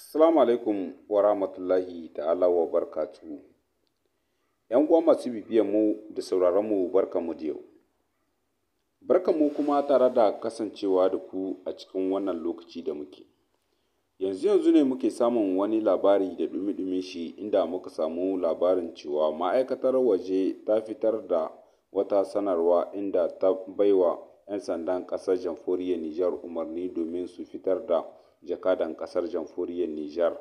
Assalamu alaikum wa rahmatullahi ta'ala wa barkatu. ‘Yan uwa masu bibiyan mu da sauraron mu barka mu da yau. barka mu kuma tare da kasancewa da ku a cikin wannan lokaci da muke. Yanzu yanzu ne muke samun wani labari da dumi-dumi shi inda muka samu labarin cewa ma'aikatar waje ta fitar da wata sanarwa inda ta baiwa 'yan sandan kasar jamhuriyar Nijar umarni domin su fitar da jakadan kasar jamhuriyar Nijar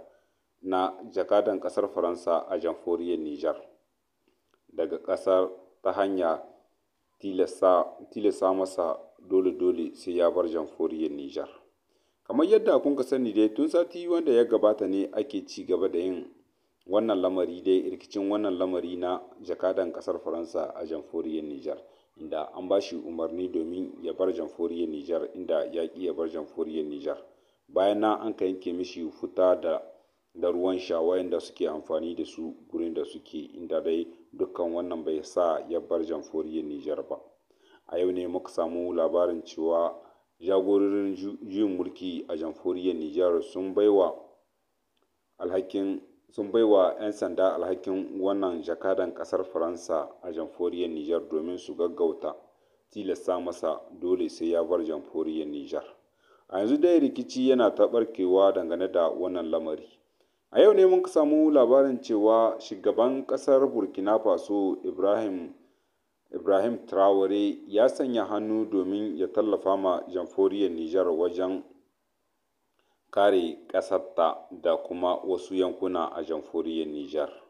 na jakadan kasar Faransa a jamhuriyar Nijar daga kasar ta hanya tilasa masa dole-dole sai ya bar jamhuriyar Nijar. Kamar yadda kun sani dai tun sati wanda ya gabata ne ake ci gaba da yin wannan lamari dai rikicin wannan lamari na jakadan kasar faransa a jamhuriyar nijar inda an ba shi umarni domin ya bar jamhuriyar nijar inda ya ki ya bar jamhuriyar nijar bayan na an ka yanke mishi fita da ruwan sha da suke amfani da su gurin da suke inda dai dukkan wannan bai sa ya bar jamhuriyar nijar ba a yau ne muka samu labarin cewa jagororin juyin mulki a jamhuriyar nijar sun baiwa alhakin sun baiwa 'yan sanda alhakin wannan jakadan kasar faransa a jamforiyar nijar domin su gaggauta tilasta masa dole sai ya bar jamforiyar nijar a yanzu dai rikici yana ta barkewa dangane da wannan lamari a yau ne mun samu labarin cewa shugaban kasar burkina faso ibrahim ibrahim traore ya sanya hannu domin ya tallafa ma jamforiyar nijar wajen kare ƙasarta da kuma wasu yankuna a jamhuriyar Nijar.